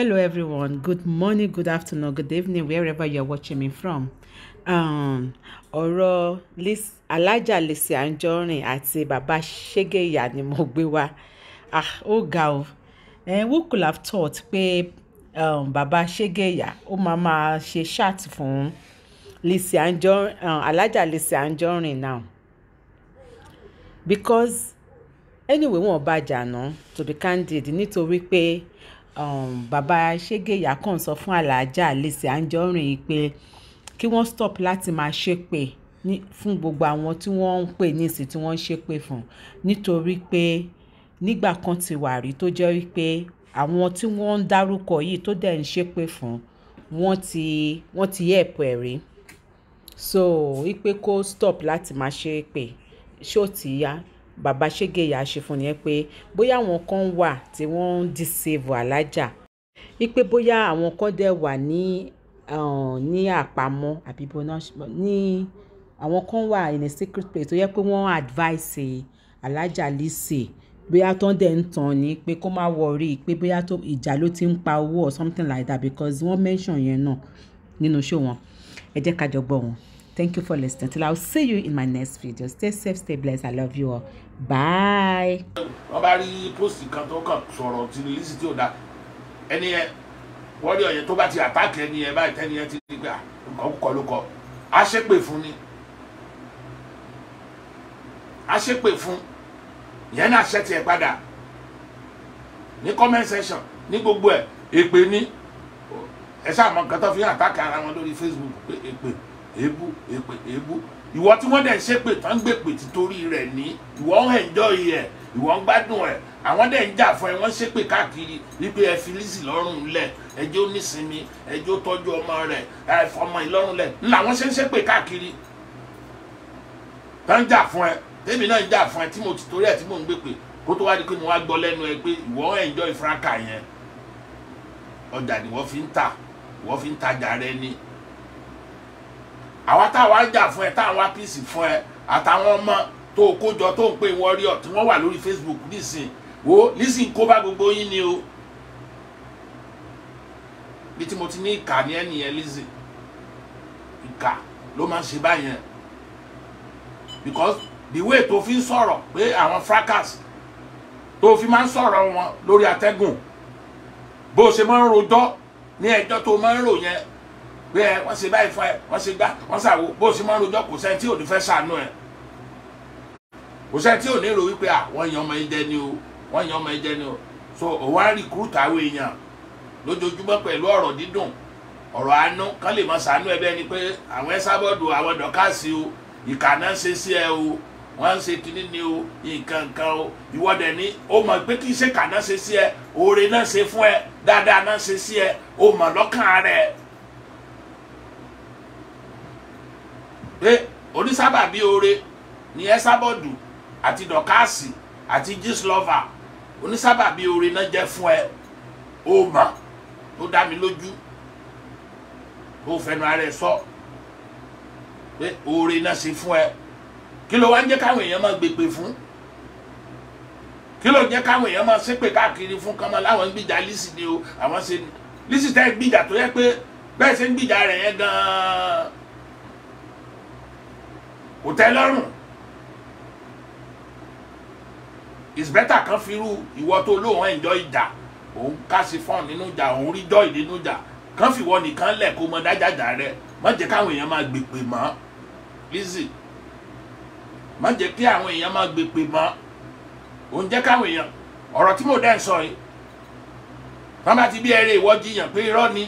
hello everyone good morning good afternoon good evening wherever you are watching me from um, ọ̀rọ̀ alájà Lizzy Anjorin àti bàbá Ṣégeyà ni mo gbé wá ah ó ga o eh, who could have thought pé um, bàbá Ṣégeyà ó máa máa ṣe ṣáàtì fún Lizzy Anjorin um, alájà Lizzy Anjorin now because anyway wọn ò bá jà to be candid nítorí pé um, bàbá ṣégeyà kàn sọ fún aláàjà Lizzy Anjorin pé kí wọ́n stop láti máa ṣépè fún gbogbo àwọn tí wọ́n ń pè nísì tí wọ́n ń ṣépè fún nítorí pé nígbà kan ti wà rí tó jẹ́ wípé àwọn tí wọ́n ń dárúkọ yìí tó dẹ̀ ń ṣépè fún wọ́n ti wọ́n ti yẹ̀ pẹ̀ rí so wípé kó stop láti máa ṣépè ṣó ti yá bàbá ṣégeyà ṣe fún yẹn pé bóyá àwọn kan wà tí wọ́n ń disable alájà wípé bóyá àwọn kan dẹ̀ wà ní uh, ní àpamọ́ àbí bọ́nà ní àwọn kan wà in a secret place tó yẹ pé wọ́n advice alájà lise bóyá tó ń dẹ̀ ń tàn ní pé kó má wọrí pé bóyá tó ìjà ló ti ń pa owó or something like that because wọ́n mention yẹn náà nínú ṣó wọn ẹ jẹ́ ká jọ gbọ́ wọn. Thank you for listening. Till I'll see you in my next video. Stay safe, stay blessed. I love you all. Bye. yẹn wọ́n rí ah, ti àtàkì padà ní comment section ní gbogbo ẹ̀ èpè ní ẹ ṣáà nǹkan tó fi hàn àtàkì ara wọn lórí Facebook pé èpè. Ebu, èpè Ebu. ìwọ tí wọ́n dẹ̀ ń ṣépè tán ń gbèpè títorí rẹ̀ ní ìwọ ń enjoy ẹ̀ ìwọ ń gbádùn ẹ̀ àwọn dẹ̀ ń jà fún ẹ wọ́n ṣépè káàkiri wípé ẹ fi Lizzy lọ́rùn lẹ̀ ẹjọ́ nísinmi ẹjọ́ tọ́jú ọmọ rẹ̀ ẹ fọmọ ìlọ́rùn lẹ̀ ńlá wọ́n ṣe ń ṣépè káàkiri tán ń jà fún ẹ tèmi náà ń jà fún ẹ tí mo ti torí ẹ tí mo ń gbèpè kó tó wá di pé mo wá gbọ́ lẹ́nu ẹ pé ìwọ ń enjoy ìfúráka yẹn ọjà ni wọ́n fi ń ta wọ́n fi ń tajà rẹ àwa táwa ń jà fún ẹ táwa píìsì fún ẹ àtàwọn ọmọ tó o kó jọ tó ń pè warrior tí wọ́n wà lórí Facebook nísìn wo nísìn kó bá gbogbo yín ni o bí tí mo ti ní ìkà ní ẹnìyẹn nísìn ìkà ló máa ń ṣe báyẹn because the way tó fi ń sọ̀rọ̀ pé àwọn fracas tó fi máa ń sọ̀rọ̀ wọn lórí atẹ́gùn bó o ṣe máa ń rojọ́ ní ẹjọ́ tó máa ń rò yẹn pé ẹ wọ́n ṣe báyìí fún ẹ wọ́n ṣe gbá wọ́n ṣàwo bó o ṣe máa ń rojọ́ kò sẹ́ni tí ò ní fẹ́ ṣàánú ẹ kò sẹ́ni tí ò ní rò wípé à wọ́n ọmọ yìí ni o wọ́n yan ọmọ yìí ni o so òun á recruit àwọn èèyàn lójoojúmọ́ pẹ̀lú ọ̀rọ̀ dídùn ọ̀rọ̀ àánú kán lè máa ṣàánú ẹ bẹ́ẹ̀ ni pé àwọn ẹ sábọ́dù àwọn dọ́kàsí o ìkànnà ń ṣe sí ẹ o wọ́n ń ṣe kíní ni o nǹkan nǹkan o ìwọ́dẹ̀ ni ó mọ̀ pé kí iṣẹ́ kàná ṣe sí ẹ oore náà ṣe fún ẹ dáadáa náà ṣe sí ẹ ó mọ̀ lọ́kàn rẹ̀ pé onísábàbí oore ni ẹsábọ̀dù àti dọ̀káàsì àti gíslọ́fà onísábàbí oore náà jẹ́ fún ẹ ó mà ó dá mi lójú ó fẹnu ara ẹ sọ pé oore náà ṣe fún ẹ kí ló wá ń jẹ́ káwọn èèyàn máa gbèpè fún kí ló jẹ́ káwọn èèyàn máa ṣépè káàkiri fún kan mọ́ láwọn ń gbìjà lísì ni o àwọn ṣe lísì tẹ́ gbìjà tó yẹ pé bẹ́ẹ̀ ṣe ń gbìjà rẹ̀ yẹn gan-an kò tẹ́ lọ́rùn is better kan firu ìwọ tó lóun enjoy ìjà òun kásì fún nínú ìjà òun rí joy nínú ìjà kan fìwọ nìkan lẹ̀ kó mọ dájàjà rẹ má jẹ́ káwọn èèyàn máa gbèpè mọ́ Lizzy má jẹ́ kí àwọn èèyàn máa gbèpè mọ́ òun jẹ́ káwọn èèyàn ọ̀rọ̀ tí mo dẹ́ ń sọ yìí wọ́n bá ti bí ẹrẹ ìwọ jiyàn pé irọ́ ni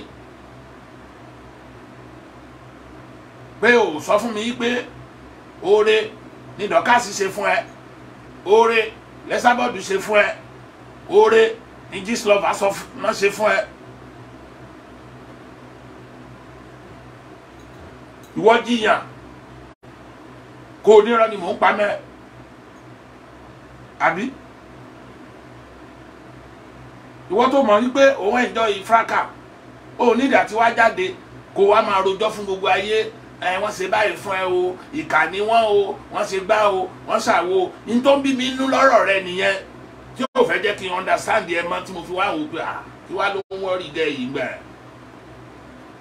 pé o sọ fún mi pé Ore, ni dọ́kásì ṣe fún ẹ oore lẹ́sàbọ̀dù ṣe fún ẹ oore ni gislov asọf náà ṣe fún ẹ. ìwọ jiyàn kò nírọ ni mò ń pamẹ́ àbí ìwọ tó mọ̀ wípé òun ẹ̀jọ́ ìfúráká òun nídìí àti wá jáde kó wá máa rojọ́ fún gbogbo ayé ẹ wọ́n ṣe báyìí fún ẹ o ìkà ni wọ́n o wọ́n ṣe gbá o wọ́n ṣàwo ní tó ń bí mi nú lọ́rọ̀ rẹ nìyẹn tí yóò fẹ́ jẹ́ kí n understand ẹ mọ́ tí mo fi wá wò pé à kí wá ló ń wọ́rí gẹ ìgbà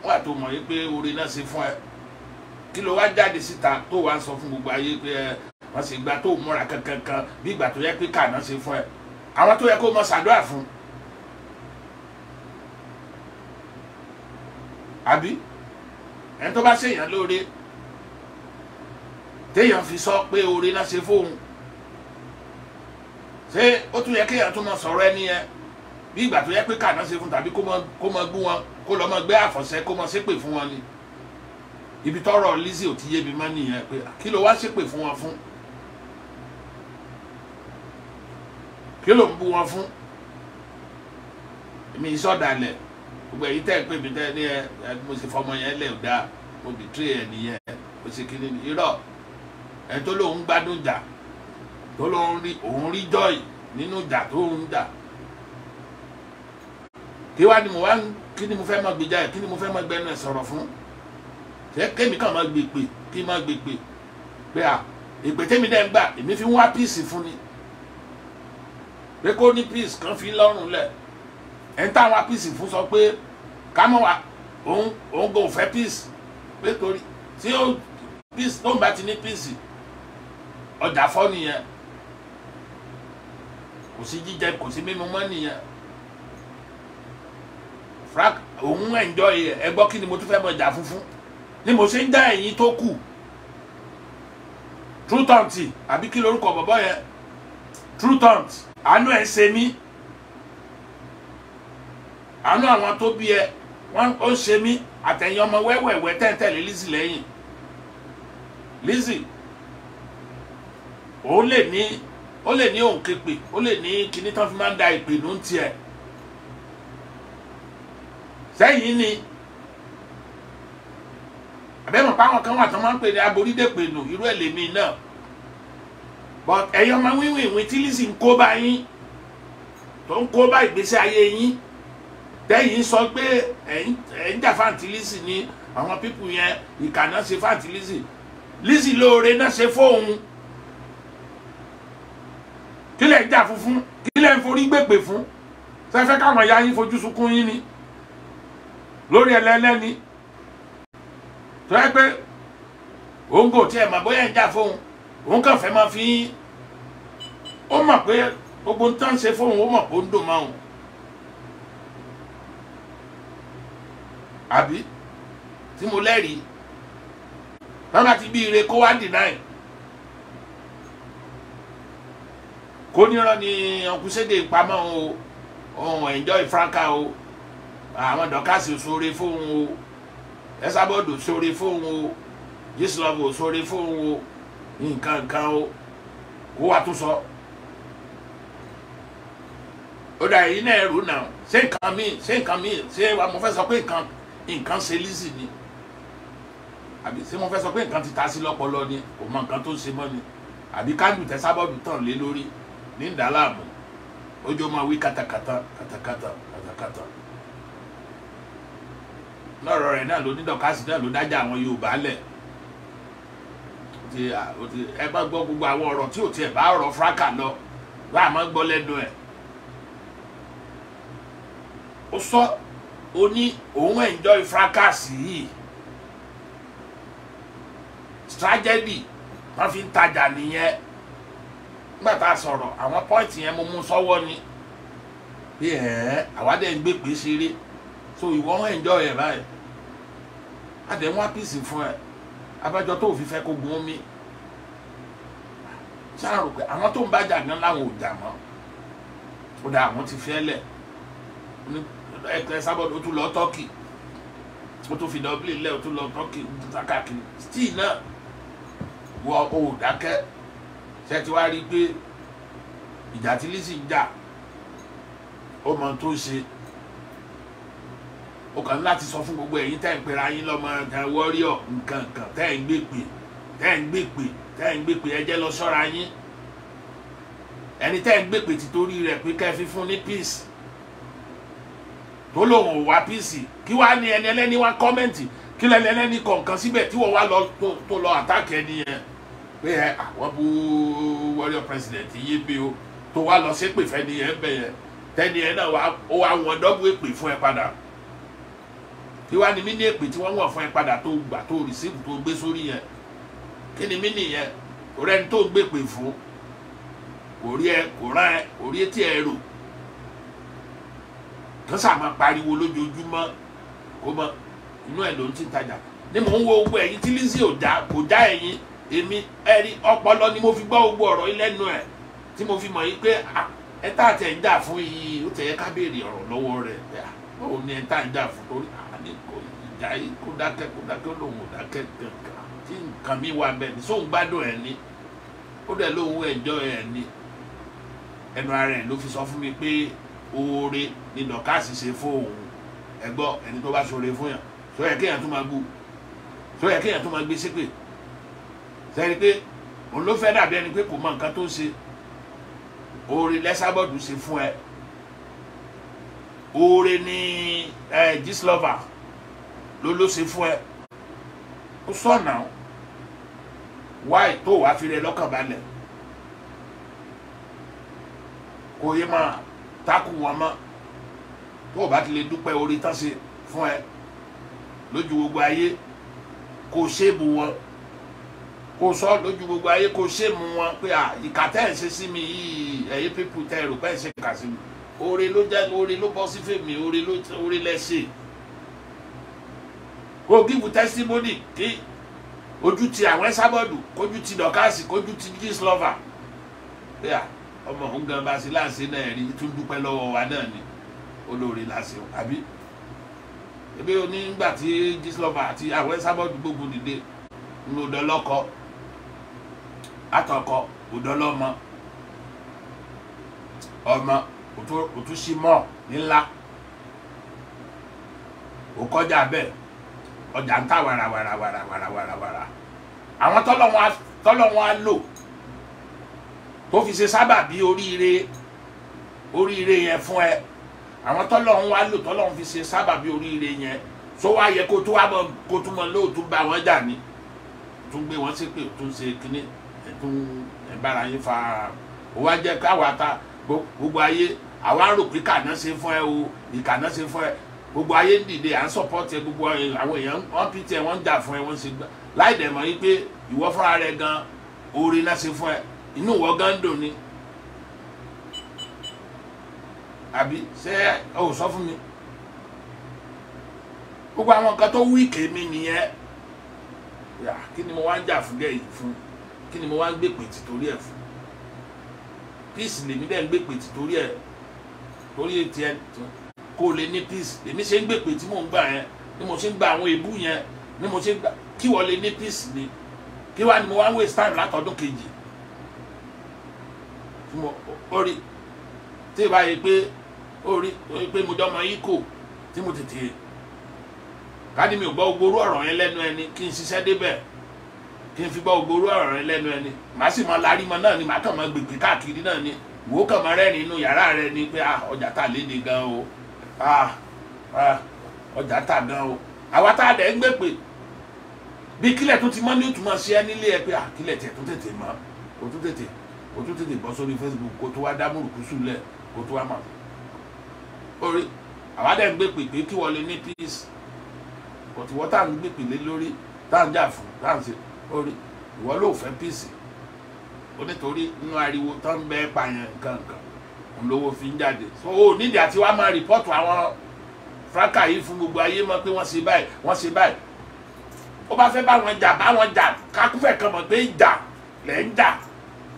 wà tó mọ̀ yí pé orin náà ṣe fún ẹ kí ló wá jáde síta tó wá sọ fún gbogbo ayé pé ẹ wọ́n ṣe gbà tó múra kankan kan bí ìgbà tó yẹ pé kà náà ṣe fún ẹ àwọn tó yẹ kó mọ ṣàdúrà fún àbí ẹni tó bá ṣèyàn lóore téèyàn fi sọ pé oore la ṣe fóun ṣé ó tún yẹ kéèyàn tún mọ sọ̀rọ̀ ẹni yẹn bí ìgbà tó yẹ pé kàná ṣe fún tàbí kó mọ gbú wọn kó lọ́ mọ gbé àfọ̀ṣẹ kó mọ ṣépè fún wọn ni ibi tọrọ Lizzy ò ti yé mi mọ́ nìyẹn pé kí ló wá ṣépè fún wọn fún kí ló ń bú wọn fún èmi ìsọdalẹ̀ gbogbo èyí tẹ́ ẹ̀ pé mi tẹ́ ní ẹ mo sì fọmọ yẹn lẹ̀ dá mo bì tírì ẹ̀ nìyẹn mo sì kiri ní irọ́ ẹ̀ tó lóun gbádùn jà tó lóun rí òun rí joy nínú jà tó ń jà kí wá ni mo wá kí ni mo fẹ́ máa gbèjà ẹ̀ kí ni mo fẹ́ máa gbẹnu ẹ̀ sọ̀rọ̀ fún ṣé kémi kàn máa gbè pè kí máa gbè pè pé à ìpè tèmi dẹ́ ń gbà èmi fi ń wá píìsì fún ni pé kó ní píìsì kan fi lọ́rùn lẹ̀ ẹni táwọn apc fún sọ pé kámọ́ wa òun òun kò fẹ́ peace pé torí tí ó peace tó ń bá ti ní peace ọjà fọ́ nìyẹn kò sí jíjẹ kò sí mímu mọ́ nìyẹn frank òun enjoy ẹ gbọ́ kí ni mo tún fẹ́ mọ ìjà funfun ni mo ṣe ń dá ẹ̀yìn tó kù true taunt àbí kí lorúkọ bọ̀bọ̀ yẹn true taunt àánú ẹ̀ ṣe mí àánú àwọn tó bí ẹ wọ́n ó ṣe mí àtẹ̀yìn ọmọ wẹ́wẹ̀wẹ́ tẹ́ntẹ́lẹ̀ Lizzy lẹ́yìn Lizzy ó lè ní ó lè ní òun képè ó lè ní kíní tán fi máa ń da ìpinnu tiẹ̀ sẹ́yìn ni àbẹ́mọ̀ páwọn kan wà tán máa ń pè ní aborídèpinnu irú ẹ̀ lèmi náà but ẹ̀yọ́ máa wíwìn ìwìn tí Lizzy ń kó bá yín tó ń kó bá ìgbésí ayé yín tẹ́yìn sọ pé ẹ̀yìn jà fáǹtì Lizzy ni àwọn pípù yẹn ìkà náà ṣe fáǹtì Lizzy Lizzy lóore náà ṣe fóun kílẹ̀ jà funfun kílẹ̀ ń forí gbègbè fún sẹ́fẹ́ káwọn ìyá yín fojú sunkún yín ni lórí ẹlẹ́lẹ́ni tó yẹ pé òun kò tiẹ̀ mọ̀ bóyá ń jà fóun òun kàn fẹ́ máa fi ó mọ̀ pé gbogbo ń tán ṣe fóun ó mọ̀ pé ó ń dùn máa hùn àbí tí mo lẹ́rìí tọ́lá ti bí ire kó wá deny kó nírọ̀ ni ọkùnsédè pamọ́ o òun enjoy franca o àwọn dọ́kásì sóore fóun o ẹ̀sàbọ̀dù sóore fóun o yíṣùlọ́bù sóore fóun o nǹkan nǹkan o kó wá tó sọ ó dà yìí náà ẹrù náà ṣé nǹkan míì ṣé nǹkan míì ṣé wàá mo fẹ́ sọ pé nǹkan nǹkan ṣe lísì ni àbí ṣé mo fẹ́ sọ pé nǹkan ti ta sí lọ́pọlọ ni kò mọ nǹkan tó ṣe mọ́ ni àbí kájú tẹ sábọ́ọ̀dù tàn lé lórí ní ìdáláàmú ojú ọmọ wí katakata katakata katakata lọ́rọ̀ rẹ̀ náà ló ní dọ̀kásì náà ló dájà àwọn Yorùbá lẹ̀ ti àti ẹ bá gbọ́ gbogbo àwọn ọ̀rọ̀ tí ò tiẹ̀ bá ọ̀rọ̀ fúráká lọ bá a máa gbọ́ lẹ́nu ẹ̀ ó sọ ó ní òun enjoy fracas yìí tragedy wọ́n fi ń tajà nìyẹn nígbà tá a sọ̀rọ̀ àwọn point yẹn mo mú sọ́wọ́ ni pé ẹ̀ẹ́ àwádẹ́ ń gbé pé ṣeré so ìwọ ń enjoy ẹ̀ báyìí àdéhùn apc fún ẹ abájọ tó fi fẹ́ kó gun omi sáà rò pé àwọn tó ń bá jà gan láwọn ò jà mọ́ ó dà àwọn ti fẹ́ lẹ̀ ẹ̀kẹ́ sábọ̀dù ó tún lọ tọ́kì ó tún fi dọ́bìlì lẹ̀ ó tún lọ tọ́kì ó tún káàkiri stíì náà wọ òòdákẹ́ ṣe ti wá rí i pé ìjà tí Lizzy ń jà ó mọ tó ṣe ó kàn láti sọ fún gbogbo ẹ̀yin tẹ́ ń pera yín lọ́mọ ẹ̀ wọ́ríọ̀ nǹkan kan tẹ́ ń gbé pè tẹ́ ń gbé pè tẹ́ ń gbé pè ẹ jẹ́ yín ẹni tẹ́ ń gbé pè títorí rẹ̀ pé kẹ́ fi fún ní peace tó lòun ò wá PC? kí wàá ní ẹni ẹlẹ́ni wá kọ́mẹ́ǹtì kí lẹ́ni ẹlẹ́ni kọ̀ọ̀kan síbẹ̀ tí wọ́n wá lọ tó lọ àtàkì ẹni yẹn pé ẹ àwọn bú warrior president yìí bí o tó wá lọ ṣépè fẹ́ni yẹn bẹ̀ yẹn tẹ́ni yẹn náà ó wá wọn dọ́gbù èpè fún ẹ padà kí wàá ní mí ní èpè tí wọ́n wọ̀ fún ẹ padà tó gbà tó rìsíìpù tó gbé sórí yẹn kí ni mí nìyẹn òrẹ́ni tó gbèpè fún kò rí ẹ kò rán ẹ kò rí etí ẹ rò kan sáà máa pariwo lójoojúmọ́ kó mọ inú ẹ̀ ló ń ti tajà ni mò ń wo gbogbo ẹ̀yin tí Lizzy ò dá kò dá ẹ̀yin èmi ẹ̀rí ọpọlọ ni mo fi gbọ́ gbogbo ọ̀rọ̀ yìí lẹ́nu ẹ̀ tí mo fi mọ̀ yìí pé ẹ tá àtẹ̀ ń dà fún yìí ó tẹ̀yẹ ká béèrè ọ̀rọ̀ lọ́wọ́ rẹ̀ ó ní ẹ tá ń dà fún torí àní kò ìjà yìí kó dákẹ́ kó dákẹ́ lòun ò dákẹ́ kankan tí nǹkan mi wà bẹ́ẹ̀ ni sóun gbádùn ẹ̀ ni ó dẹ̀ lóun ẹ̀jọ́ ẹ̀ ni ẹnu ara ẹ̀ ló fi sọ fún mi pé oore ni dọ̀kásì se fóun ẹ gbọ́ ẹni tó bá ṣoore fún yàn tó yẹ kéèyàn tún máa gbú tó yẹ kéèyàn tún máa gbé ṣépè sẹ́ni pé òun ló fẹ́ dàbí ẹni pé kò mọ nǹkan tó ń ṣe oore lẹ́sàbọ̀dù ṣe fún ẹ oore ni ẹ gíslọ́fà ló ló ṣe fún ẹ ó sọ̀nà wáì tó wàá fi rẹ lọ́kàn balẹ̀ kò yé máa takò wọn mọ́ tó o bá ti lè dúpẹ́ orí tán ṣe fún ẹ lójú gbogbo ayé kò ṣéèbù wọn kò sọ lójú gbogbo ayé kò ṣéèmù wọn pé à ìkà tẹ́ ẹ̀ ń ṣe sí mi yìí ẹ̀yin pípù tẹ́ ẹ rò pé ẹ̀ ń ṣe kà sí mi oore ló jẹ́ oore ló bọ́ sí fèmí oore ló oore lẹ́sẹ̀ kò gíbu tẹ́símọ́nì kí ojú ti àwọn ẹ̀ sábọ̀dù kójú ti dọ̀kásì kójú ti jíslọ́fà pé ọmọ òun gan bá sí láǹṣe náà rí tún dúpẹ́ lọ́wọ́ wa náà ni olóore láṣẹ o àbí ebi onígbà tí Gíslọ́ba àti àwọn sábọ́ọ̀dù gbógun dìde ń lo dọlọ́kọ àtọkọ òdọlọ́mọ ọmọ òtúnṣímọ̀ ńlá òkọjá bẹ́ẹ̀ ọjà ń ta wàràwàràwàràwàràwàrà àwọn tọ́lọ́ wọn á lò tó fi ṣe sábàbí oríire oríire yẹn fún ẹ àwọn tọ́lọ́run wá lò tọ́lọ́run fi ṣe sábàbí oríire yẹn tó wá yẹ kó tó wá bọ kó tó mọ lóòótú bá wọn jà ní tó gbé wọn ṣépè tó ń ṣe kínní ẹtún ẹbára yín fa ó wá jẹ káwa ta gbogbo ayé àwa rò pé kàná ṣe fún ẹ o ìkàná ṣe fún ẹ gbogbo ayé ń dìde à ń sọpọ́tì ẹ gbogbo àwọn èèyàn wọn pìtì ẹ wọn ń jà fún ẹ wọn ṣe gbà láì dẹ̀ mọ́ yín pé ìwọ fúnra rẹ gan oore náà ṣe fún ẹ inú wọ́n gan ni àbí ṣé ẹ ò sọ fún mi gbogbo àwọn nǹkan tó wí kèémí nìyẹn yà kí ni mo wá ń jà fún gẹ̀ yìí fún kí ni mo wá ń gbé pètì torí ẹ̀ fún píìsì lèmi dẹ̀ ń gbé pètì torí ẹ̀ torí etí ẹ̀ kó o lè ní píìsì èmi ṣe ń gbé pètì mò ń gbà yẹn ni mo ṣe ń gba àwọn èébú yẹn ni mo ṣe ń gbà kí wọ́n lè ní píìsì ni kí wàá ni mo wá ń waste time látọdún kejì fún ọ orí tí ìbá yẹ pé orí pé mo jọmọ yìí kò tí mo tètè káàdì mi ò gbọ́ ogorú ọ̀rọ̀ yẹn lẹ́nu ẹni kí n ṣiṣẹ́ débẹ̀ kí n fi gbọ́ ogorú ọ̀rọ̀ yẹn lẹ́nu ẹni màá sì mọ larí mọ náà ni màá kàn mọ gbègbè káàkiri náà ni wò ó kàn mọ rẹ́rìn inú yàrá rẹ ni pé ah, ọjà tà léde gan o ah, ah, ọjà tà gan o àwa tá a dẹ̀ ń gbé pè bí kílẹ̀ tó ti mọ́ ní òtún mọ́ sí ẹ nílé ẹ pé kílẹ̀ tiẹ̀ tó tètè mọ́ òtún tètè kó tó tètè bọ́ sórí facebook kó tó wá dá mùrùkúsù lẹ̀ kó tó wá mọ̀ orí àwa dẹ̀ ń gbé pèpè kí wọ́n lè ní peace kò tí wọ́n tá à ń gbé pèlè lórí tá à ń jà fún tá à ń ṣe orí ìwọ ló fẹ́ peace ó nítorí inú ariwo tó ń bẹ́ pààyàn nǹkan nǹkan òun lówó fi ń jáde so ó nídìí àti wàá máa rìpọ́tù àwọn fúráká yìí fún gbogbo ayé mọ̀ pé wọ́n ṣe báyìí wọ́n ṣe báyìí ó bá fẹ́ bá wọn jà bá wọn jà kákúfẹ̀ kan mọ̀ pé ìjà lẹ́ ń jà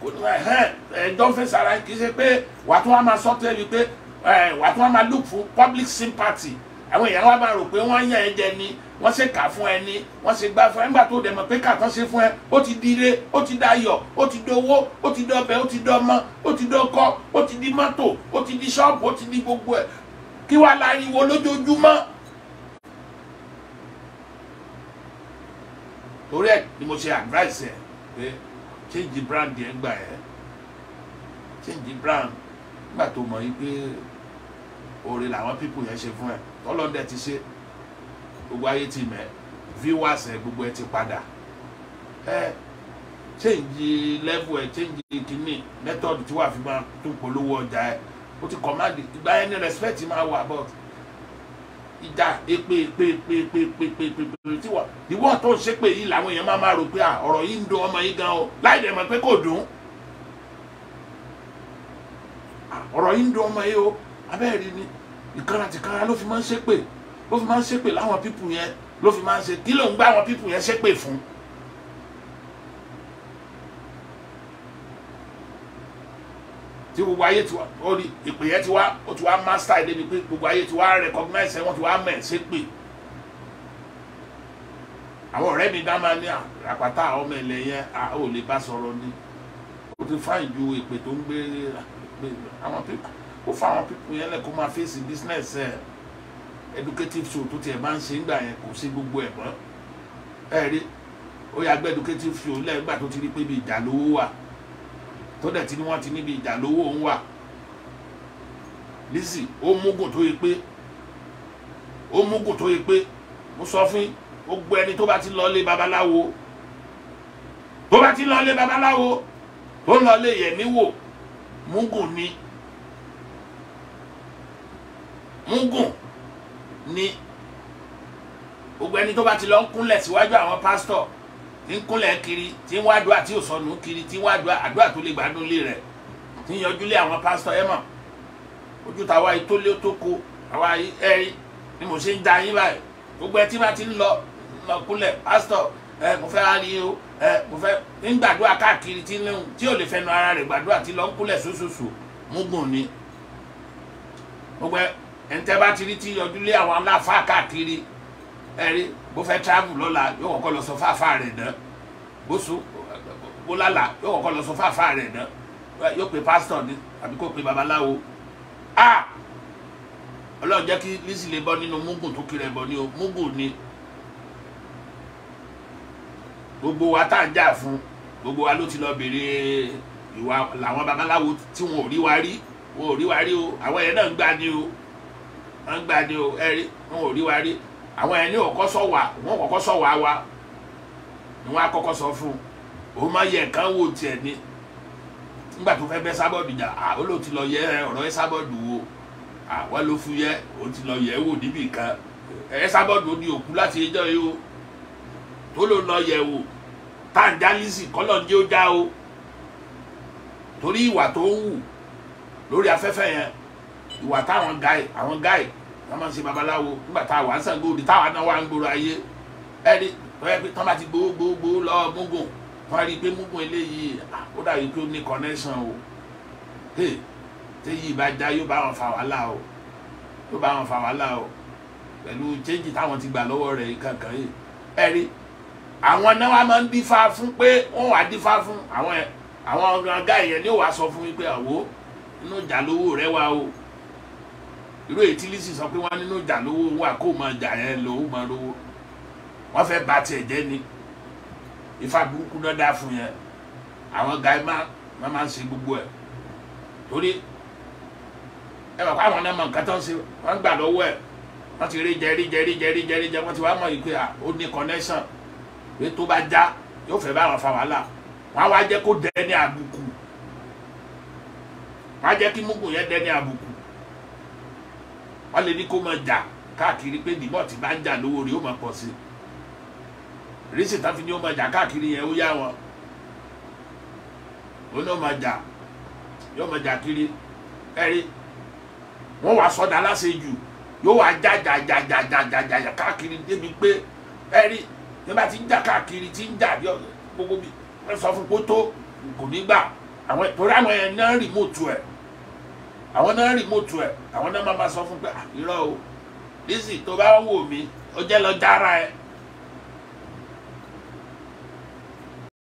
Eh, eh, eh, dọ́fẹ̀sì ara kì í ṣe pé wà á tún wá máa sọ tẹ́ mi pé wà á tún wá máa look for public sympathy àwọn èèyàn wa máa rò pé wọ́n yàn ẹ́ jẹ ni wọ́n ṣe kà fún ẹ ni wọ́n ṣe gbá fún ẹ nígbà tó dẹ̀ mọ̀ pé kàtọ́ ṣe fún ẹ ó ti di ire ó ti dayọ̀ ó ti dowó ó ti dọbẹ̀ ó ti dọmọ ó ti dọkọ ó ti di mọ́tò ó ti di ṣọ́ọ̀bù ó ti di gbogbo ẹ̀ kí wàá láriwo lójoojúmọ́. torí ẹ ni mo ṣe advice ẹ pé. Okay? change brand yẹn gbà ẹ́ change brand nígbà tó mọ̀ yìí pé oore làwọn people yẹn ṣe fún ẹ tọ́lọ́dẹ ti ṣe gbogbo ayé ti mẹ́ viewers ẹ gbogbo ẹ ti padà ẹ change level ẹ change kìíní method tí wàá fi máa tún polówó ọjà ẹ ó ti command ìgbà yẹn respect máa wà about ìjà èpè èpè èpè èpè èpè èpè èpè èpè tí wọ́n ìwọ́ tó ń ṣépè yìí làwọn èèyàn máa máa rò pé ọ̀rọ̀ yìí ń dùn ọmọ yìí gan o láì dẹ̀ mọ̀ pé kò dùn ọ̀rọ̀ yìí ń dùn ọmọ yìí o abẹ́rẹ́ rí ni ìkanra tìkanra ló fi máa ń ṣépè ló fi máa ń ṣépè láwọn pípù yẹn ló fi máa ń ṣe kí ló ń gbá àwọn pípù yẹn ṣépè fún un tí gbogbo ayé ti wá ó ìpè yẹn ti wá ó ti wá master ẹ̀ débi pé gbogbo ayé ti wá recognize ẹ̀ wọ́n ti wá mẹ̀ ṣe pè àwọn ọ̀rẹ́ mi dá máa ní àpáta ọmọ ẹ̀lẹ́ yẹn a ò lè bá sọ̀rọ̀ ni ó ti fáìn ju ìpè tó ń gbé àwọn pípa ó fa àwọn pípa yẹn lẹ́kọ̀ọ́ máa fèsì business ẹ̀ educative show tó tiẹ̀ máa ń ṣe ńgbà yẹn kò sí gbogbo ẹ̀ mọ́ ẹ̀ rí ó yà gbé educative show lẹ́gbàá tó ti rí pé ibi ìjà lówó wà tó dẹ̀ ti ní wọ́n ti níbi ìjà lówó òun wà Lizzy ó múgò tó yẹ pé ó múgò tó yẹ pé mo sọ fún yín ó gbọ́ ẹni tó bá ti lọ lé babaláwo tó bá ti lọ lé babaláwo tó lọ lé yẹmí wò múgò ni múgò ni gbogbo ẹni tó bá ti lọ ń kúnlẹ̀ síwájú àwọn pásítọ̀ tí ń kúnlẹ̀ kiri tí ń wádùá tí ò sọnù kiri tí ń wádùá àdúrà tó lè gbádùn lé rẹ̀ tí ń yọjú lé àwọn pásítọ̀ ẹ̀ mọ̀ ojú tàwa yìí tó lé tó ko àwa yìí ẹ̀rí ni mo ṣe ń da yín báyìí gbogbo ẹ tí bá ti ń lọ lọ kúnlẹ̀ pásítọ̀ ẹ mo fẹ́ rárí o ẹ mo fẹ́ ń gbàdúrà káàkiri tí lóhùn tí ò lè fẹnu ara rẹ̀ gbàdúrà tí lọ ń kúnlẹ̀ sóṣooṣù múgùn ni gbogbo ẹ ẹ̀ ń tẹ́ bá ti rí tí yọjú lé àwọn aláfáà káàkiri ẹ̀rí bó fẹ́ travel lọ́la yóò kọ́kọ́ lọ sọ fáfá rẹ̀ ná bó so bó lálà yóò kọ́kọ́ lọ sọ fáfá rẹ̀ ná yóò pe pastor ni àbí kó pe babaláwo a ọlọ́run jẹ́ kí Lizzy lè bọ́ nínú mugun tó kiri ẹ̀bọ ni o mugun ni gbogbo wa tá à ń jà fún gbogbo wa ló ti lọ béèrè ìwà làwọn babaláwo tí wọn ò rí wa rí wọn ò rí wa rí o àwọn yẹn náà ń gbani o wọn wọn ò rí wa rí àwọn ẹni ọkọ sọ wọn kọ́kọ́ sọ wa ni wọn akọ́kọ́ sọ fún un òun yẹ nǹkan wò tiẹ̀ ni nígbà tó fẹ́ bẹ́ sábọ̀dù jà à ó ló ti lọ yẹ ọ̀rọ̀ ẹ sábọ̀dù wo àwa ló fún yẹ ó ti lọ yẹ wò níbì kan ẹ sábọ̀dù ó ní òkú láti ẹjọ́ yìí o tó ló lọ yẹ wò tàǹdálísì kọ́lọ́njẹ́ ó dá o torí ìwà tó ń wù lórí afẹ́fẹ́ yẹn ìwà táwọn gáì àwọn gáì wọ́n máa ń ṣe babaláwo nígbà tá a wà ń sàn gbòòdì táwa náà wà ń gbòòrò ayé ẹni tọ́yẹ pé tọ́ ti gbowó gbowó gbowó lọ múgùn wọ́n rí i pé múgùn eléyìí ó dàbí pé ó ní connection o téyì bá já yóò bá wọn fa wàhálà o yóò bá wọn fa wàhálà o pẹ̀lú change táwọn ti gbà lọ́wọ́ rẹ̀ kankan yìí ẹ̀rí àwọn náà wàá máa ń dífá fún pé wọ́n wàá dífá fún àwọn àwọn ọ̀gá ìyẹn ni ó wàá sọ fún yín pé àwo inú ìjà lówó rẹ wá o irú èyí tí Lizzy sọ pé wọn nínú ìjà lówó owó àkó máa jà yẹn lò ó máa lówó wọn fẹ́ bà tiẹ̀ jẹ́ ni ifá burúkú náà dá fún yẹn àwọn guy má má máa ń ṣe gbogbo ẹ̀ torí ẹ bàbá àwọn náà mọ nǹkan tó ń ṣe wọn gbà lọ́wọ́ ẹ̀ wọ́n ti rí jẹrí jẹrí jẹrí jẹrí jẹ wọ́n ti wá mọ̀ yìí pé ó ní connection pé tó bá já yóò fẹ́ bá wọn fa wàhálà wọ́n á wá jẹ́ kó dẹni àbùkù wọ́n á jẹ́ kí mugu yẹn dẹni àbùkù wọ́n lè ní kó máa jà káàkiri pé dìbò tí bá ń jà lówó rẹ̀ ó máa pọ̀ sí i rísì tá fi ní ó máa jà káàkiri yẹn ó yá wọn òun náà máa jà yóò máa jà kiri ẹ̀rí wọ́n wàá sọdá aláṣejù yóò wàá já já jà jà jà jà jà jà káàkiri débi pé ẹ̀rí yóò bá ti ń jà káàkiri ti ń jà gbogbo bí wọ́n sọ fún pé tó kò ní gbà àwọn ìtòrí àwọn yẹn náà rìmọ̀tù ẹ̀ àwọn náà rìmọ́tù ẹ̀ àwọn náà máa ma sọ fún pé ah, irọ́ o Lizzy tó bá wò mí ó jẹ́ lọ jára ẹ̀